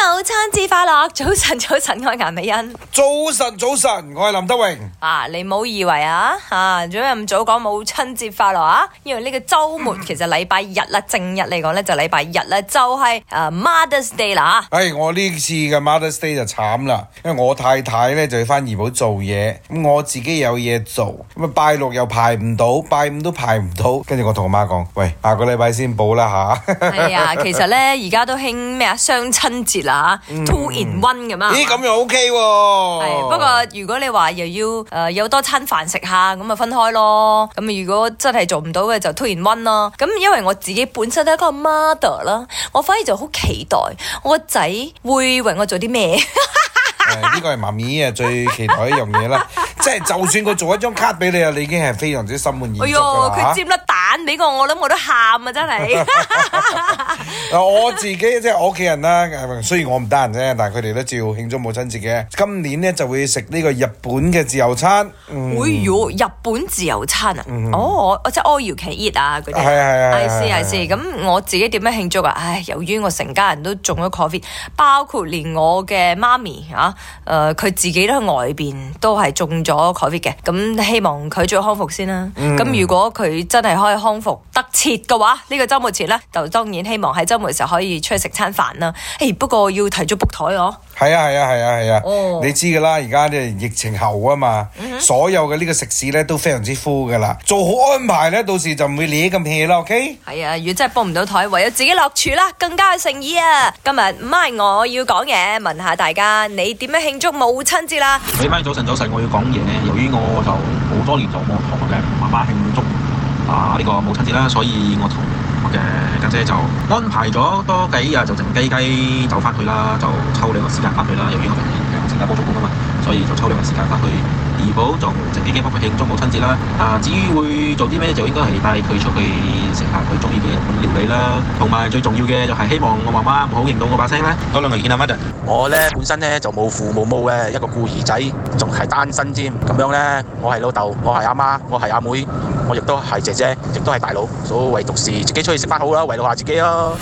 母親節快樂，早晨，早晨，我係顏美恩。早晨，早晨，我係林德榮。啊，你唔好以為啊，吓、啊，做咩咁早講母親節快樂啊？因為呢個周末 其實禮拜日啦，正日嚟講咧就禮拜日啦、就是，就、呃、係誒 Mother's Day 啦。吓，哎，我呢次嘅 Mother's Day 就慘啦，因為我太太咧就要翻怡保做嘢，咁我自己有嘢做，咁啊拜六又排唔到，拜五都排唔到，跟住我同我媽講，喂，下個禮拜先補啦吓。係 啊、哎，其實咧而家都興咩啊？雙親節啊！two in one 咁啊！咦，咁又 OK 喎、啊。係，不過如果你話又要誒、呃、有多餐飯食下，咁咪分開咯。咁如果真係做唔到嘅，就 two in one 咯。咁因為我自己本身係一、那個 mother 啦，我反而就好期待我個仔會為我做啲咩。呢個係媽咪啊最期待一樣嘢啦。 即係就算佢做一張卡俾你啊， 你已經係非常之心滿意足㗎！哎喲，佢煎粒蛋俾我，我諗我都喊啊！真係。嗱 我自己即係我屋企人啦。雖然我唔得閒啫，但係佢哋都照慶祝母親節嘅。今年呢，就會食呢個日本嘅自由餐。會、嗯，日本自由餐、oh, it's all you can eat, that kind of thing 啊？哦，即係 all you can eat 啊嗰啲。係係係。I see, I see。咁我自己點樣慶祝啊？唉，由於我成家人都中咗 Covid，包括連我嘅媽咪啊，誒、呃、佢自己都喺外邊都係中咗。我 COVID 嘅，咁希望佢最康復先啦、啊。咁、mm. 如果佢真係可以康復得切嘅話呢、這個周末前呢，就當然希望喺周末嘅時候可以出去食餐飯啦、啊。誒，不過要提早 book 台哦。係啊，係啊，係啊，係啊，啊啊啊啊 oh. 你知噶啦，而家咧疫情後啊嘛，mm hmm. 所有嘅呢個食肆咧都非常之 full，噶啦，做好安排咧，到時就唔會亂咁 hea 啦，OK？係啊，如果真係幫唔到台，唯有自己落廚啦，更加有誠意啊！今日唔係我要講嘢，問下大家你點樣慶祝母親節啦？李班、hey, 早晨，早晨，我要講嘢。由於我就好多年做我同學嘅媽媽慶祝啊呢、呢個母親節啦，所以我同。就安排咗多幾日就靜雞雞走翻去啦，就抽兩個時間翻去啦。由於我仲要新加坡做工啊嘛，所以就抽兩個時間翻去。二寶就靜雞雞幫佢慶祝母親節啦、啊。至於會做啲咩，就應該係帶佢出去。啊！佢中意嘅料理啦，同埋最重要嘅就係希望我媽媽唔好認到我把聲啦。嗰兩日見啦，Martin。Mother、我咧本身咧就冇父冇母嘅一個孤兒仔，仲係單身添。咁樣咧，我係老豆，我係阿媽，我係阿妹，我亦都係姐姐，亦都係大佬。所謂獨食，自己出去食翻好啦，慰勞下自己啦。